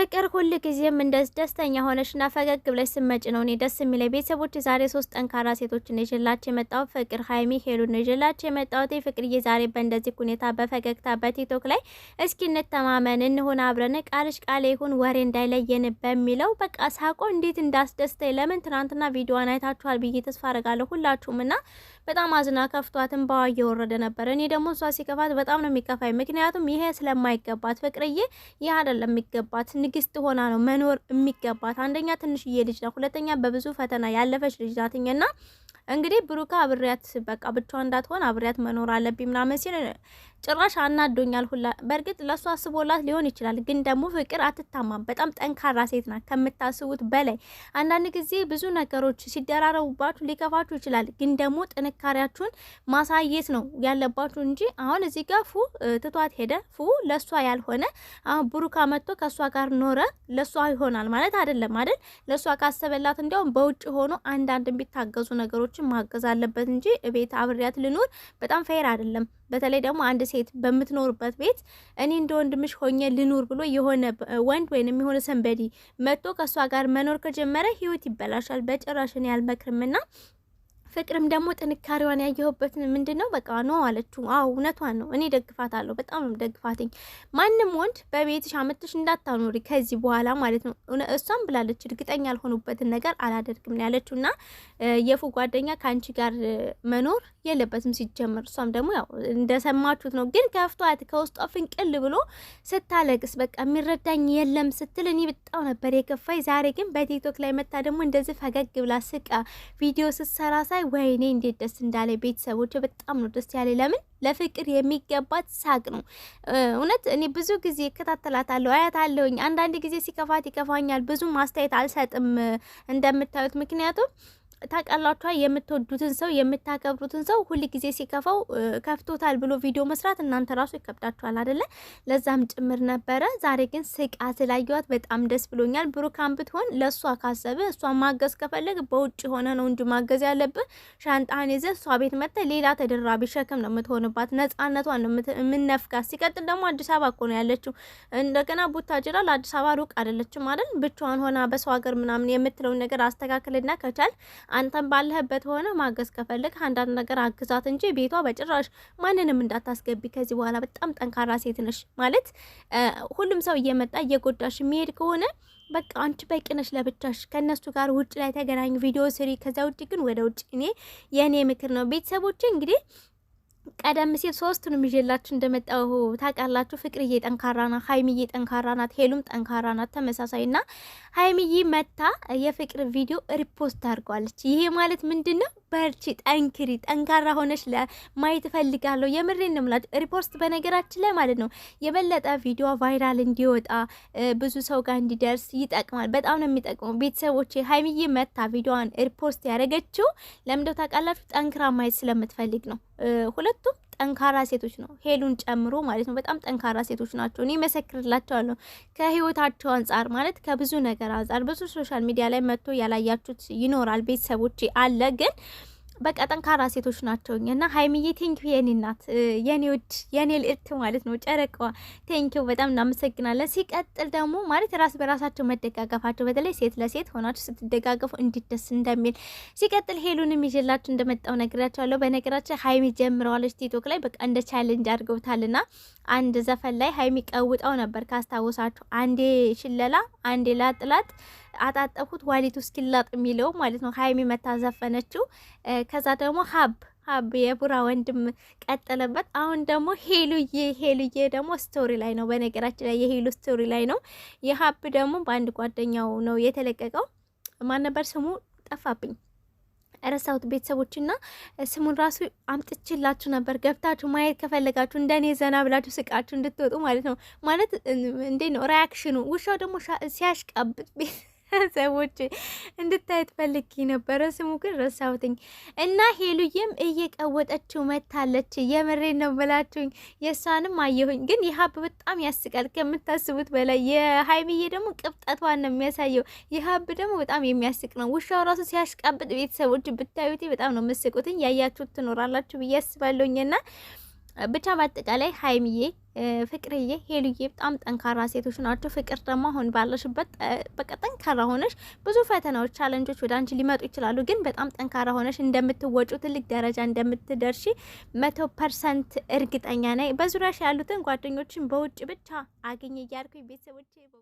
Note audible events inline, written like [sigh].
ፍቅር ሁል ጊዜም እንደዚህ ደስተኛ ሆነሽና ፈገግ ብለሽ ስመጭ ነው እኔ ደስ የሚለኝ። ቤተሰቦች ዛሬ ሶስት ጠንካራ ሴቶች ሴቶችን ይዤላችሁ የመጣው ፍቅር፣ ሀይሚ፣ ሄሉ ሄሉን ይዤላችሁ የመጣሁት ፍቅርዬ። ዛሬ በእንደዚህ ሁኔታ በፈገግታ በቲክቶክ ላይ እስኪ እንተማመን እንሆን አብረን ቃልሽ ቃል ይሁን ወሬ እንዳይለየን በሚለው በቃ ሳቆ እንዴት እንዳስደስተኝ ለምን ትናንትና ቪዲዮዋን አይታችኋል ብዬ ተስፋ አረጋለሁ ሁላችሁም ና በጣም አዝና ከፍቷት እንባዋ እየወረደ ነበር። እኔ ደግሞ እሷ ሲከፋት በጣም ነው የሚከፋኝ። ምክንያቱም ይሄ ስለማይገባት ፍቅርዬ ይህ አይደለም የሚገባት ንግስት ሆና ነው መኖር የሚገባት። አንደኛ ትንሽዬ ልጅ ናት፣ ሁለተኛ በብዙ ፈተና ያለፈች ልጅ ናትኝ እንግዲህ ብሩካ አብሬያት በቃ ብቻ እንዳትሆን አብሬያት መኖር አለብኝ ምናምን ሲል ጭራሽ አናዶኛል ሁላ። በእርግጥ ለእሱ አስቦላት ሊሆን ይችላል፣ ግን ደግሞ ፍቅር አትታማም። በጣም ጠንካራ ሴት ናት ከምታስቡት በላይ። አንዳንድ ጊዜ ብዙ ነገሮች ሲደራረቡባችሁ ሊከፋችሁ ይችላል፣ ግን ደግሞ ጥንካሬያችሁን ማሳየት ነው ያለባችሁ እንጂ አሁን እዚህ ጋር ፉ ትቷት ሄደ፣ ፉ ለእሷ ያልሆነ አሁን ብሩካ መጥቶ ከእሷ ጋር ኖረ ለእሷ ይሆናል ማለት አይደለም አይደል? ለእሷ ካሰበላት እንዲያውም በውጭ ሆኖ አንዳንድ የሚታገዙ ነገሮችን ማገዝ አለበት እንጂ ቤት አብሬያት ልኖር በጣም ፌር አይደለም። በተለይ ደግሞ አንድ ሴት በምትኖርበት ቤት እኔ እንደ ወንድምሽ ሆኜ ልኑር ብሎ የሆነ ወንድ ወይንም የሆነ ሰንበዲ መጥቶ ከእሷ ጋር መኖር ከጀመረ ህይወት ይበላሻል። በጭራሽን ያልመክርምና ፍቅርም ደግሞ ጥንካሬዋን ያየሁበት ምንድን ነው፣ በቃ ኖ አለችው። አዎ እውነቷን ነው፣ እኔ ደግፋታለሁ። በጣም ነው ደግፋትኝ። ማንም ወንድ በቤትሽ አመትሽ እንዳታኖሪ ከዚህ በኋላ ማለት ነው። እሷም ብላለች፣ እርግጠኛ ያልሆኑበትን ነገር አላደርግም ነው ያለችው። እና የፉ ጓደኛ ከአንቺ ጋር መኖር የለበትም ሲጀመር። እሷም ደግሞ ያው እንደሰማችሁት ነው። ግን ከፍቷት ከውስጧ ፍንቅል ብሎ ስታለቅስ በቃ የሚረዳኝ የለም ስትል እኔ በጣም ነበር የከፋኝ። ዛሬ ግን በቲክቶክ ላይ መታ ደግሞ እንደዚህ ፈገግ ብላ ስቃ ቪዲዮ ስትሰራ ሳይ ወይኔ እንዴት ደስ እንዳለ ቤተሰቦች፣ በጣም ነው ደስ ያለ። ለምን ለፍቅር የሚገባት ሳቅ ነው። እውነት እኔ ብዙ ጊዜ እከታተላታለሁ፣ አያታለሁኝ። አንዳንድ ጊዜ ሲከፋት ይከፋኛል፣ ብዙ ማስተያየት አልሰጥም እንደምታዩት ምክንያቱም ታውቃላችሁ፣ የምትወዱትን ሰው የምታከብሩትን ሰው ሁል ጊዜ ሲከፋው ከፍቶታል ብሎ ቪዲዮ መስራት እናንተ ራሱ ይከብዳችኋል አደለ? ለዛም ጭምር ነበረ። ዛሬ ግን ስቃ ስላየዋት በጣም ደስ ብሎኛል። ብሩካን ብትሆን ለእሷ ካሰብ እሷ ማገዝ ከፈለግ በውጭ ሆነ ነው እንጂ ማገዝ ያለብህ ሻንጣን ይዘ እሷ ቤት መጥተ ሌላ ተደራቢ ሸክም ነው የምትሆንባት። ነጻነቷን ነው የምነፍጋት። ሲቀጥል ደግሞ አዲስ አበባ እኮ ነው ያለችው። እንደገና ቡታጅራ ለአዲስ አበባ ሩቅ አደለችም አይደል? ብቻዋን ሆና በሰው ሀገር ምናምን የምትለውን ነገር አስተካክልና ከቻል አንተን ባለህበት ሆነ ማገዝ ከፈለግ አንዳንድ ነገር አግዛት እንጂ ቤቷ በጭራሽ ማንንም እንዳታስገቢ። ከዚህ በኋላ በጣም ጠንካራ ሴት ነሽ ማለት ሁሉም ሰው እየመጣ እየጎዳሽ የሚሄድ ከሆነ በቃ አንቺ በቂ ነሽ ለብቻሽ። ከእነሱ ጋር ውጭ ላይ ተገናኙ፣ ቪዲዮ ስሪ። ከዚያ ውጭ ግን ወደ ውጭ እኔ የእኔ ምክር ነው ቤተሰቦች እንግዲህ ቀደም ሲል ሶስቱንም ይዤላችሁ እንደመጣሁ ታውቃላችሁ። ፍቅርዬ ጠንካራ ናት፣ ሀይሚዬ ጠንካራ ናት፣ ሄሉም ጠንካራ ናት። ተመሳሳይ ና ሀይሚዬ መታ የፍቅር ቪዲዮ ሪፖስት አድርጓለች። ይሄ ማለት ምንድን ነው? በርቺ፣ ጠንክሪ፣ ጠንካራ ሆነች ለማየት እፈልጋለሁ። የምሬን ነው የምላችሁ። ሪፖስት በነገራችን ላይ ማለት ነው የበለጠ ቪዲዮ ቫይራል እንዲወጣ ብዙ ሰው ጋር እንዲደርስ ይጠቅማል። በጣም ነው የሚጠቅመው። ቤተሰቦች ሀይሚዬ መታ ቪዲዮዋን ሪፖስት ያደረገችው ለምንደው ታውቃላችሁ? ጠንክራ ማየት ስለምትፈልግ ነው ሁለት ሁለቱም ጠንካራ ሴቶች ነው፣ ሄሉን ጨምሮ ማለት ነው። በጣም ጠንካራ ሴቶች ናቸው። እኔ መሰክርላቸዋለሁ። ከህይወታቸው አንጻር ማለት ከብዙ ነገር አንጻር ብዙ ሶሻል ሚዲያ ላይ መጥቶ ያላያችሁት ይኖራል ቤተሰቦች አለ ግን በቃ ጠንካራ ሴቶች ናቸው። እና ሀይሚዬ ቴንኪ የኔ እናት የኔ ውድ የኔ ልዕልት ማለት ነው ጨረቀዋ ቴንኪ በጣም እናመሰግናለን። ሲቀጥል ደግሞ ማለት ራስ በራሳቸው መደጋገፋቸው በተለይ ሴት ለሴት ሆናችሁ ስትደጋገፉ እንዲደስ እንደሚል ሲቀጥል ሄሉንም ይዤላችሁ እንደመጣው ነግራቸዋለሁ። በነገራችን ሀይሚ ጀምረዋለች ቲክቶክ ላይ በቃ እንደ ቻሌንጅ አድርገውታልና አንድ ዘፈን ላይ ሀይሚ ቀውጣው ነበር ካስታወሳችሁ፣ አንዴ ሽለላ አንዴ ላጥላጥ አጣጠፉት ዋሊቱ እስኪላጥ የሚለው ማለት ነው። ሀይሚ መታ ዘፈነችው። ከዛ ደግሞ ሀብ ሀብ የቡራ ወንድም ቀጠለበት። አሁን ደግሞ ሄሉዬ ሄሉዬ ደግሞ ስቶሪ ላይ ነው። በነገራችን ላይ የሄሉ ስቶሪ ላይ ነው። የሀብ ደግሞ በአንድ ጓደኛው ነው የተለቀቀው። ማን ነበር ስሙ? ጠፋብኝ ረሳሁት። ቤተሰቦችና ስሙን ራሱ አምጥችላችሁ ነበር። ገብታችሁ ማየት ከፈለጋችሁ እንደኔ ዘና ብላችሁ ስቃችሁ እንድትወጡ ማለት ነው። ማለት እንዴ ነው ሪያክሽኑ? ውሻው ደግሞ ሲያሽቃብጥ [laughs] ሰዎች እንድታየት ፈልጌ ነበረ። ስሙ ግን ረሳሁትኝ እና ሄሉዬም እየቀወጠችው መታለች። የምሬ ነው ብላችሁኝ የእሷንም አየሁኝ። ግን የሀብ በጣም ያስቃል ከምታስቡት በላይ። የሀይሚዬ ደግሞ ቅብጠቷን ነው የሚያሳየው። የሀብ ደግሞ በጣም የሚያስቅ ነው። ውሻው ራሱ ሲያሽቃብጥ ቤተሰቦች ብታዩት በጣም ነው መስቁትኝ። ያያችሁት ትኖራላችሁ ብዬ አስባለሁኝ። እና ብቻ በአጠቃላይ ሀይሚዬ ፍቅርዬ ሄሉዬ በጣም ጠንካራ ሴቶች ናቸው። ፍቅር ደግሞ አሁን ባለሽበት በቃ ጠንካራ ሆነሽ ብዙ ፈተናዎች፣ ቻለንጆች ወደ አንቺ ሊመጡ ይችላሉ። ግን በጣም ጠንካራ ሆነሽ እንደምትወጩ ትልቅ ደረጃ እንደምትደርሺ መቶ ፐርሰንት እርግጠኛ ነኝ። በዙሪያሽ ያሉትን ጓደኞችን በውጭ ብቻ አገኘ እያልኩኝ ቤተሰቦቼ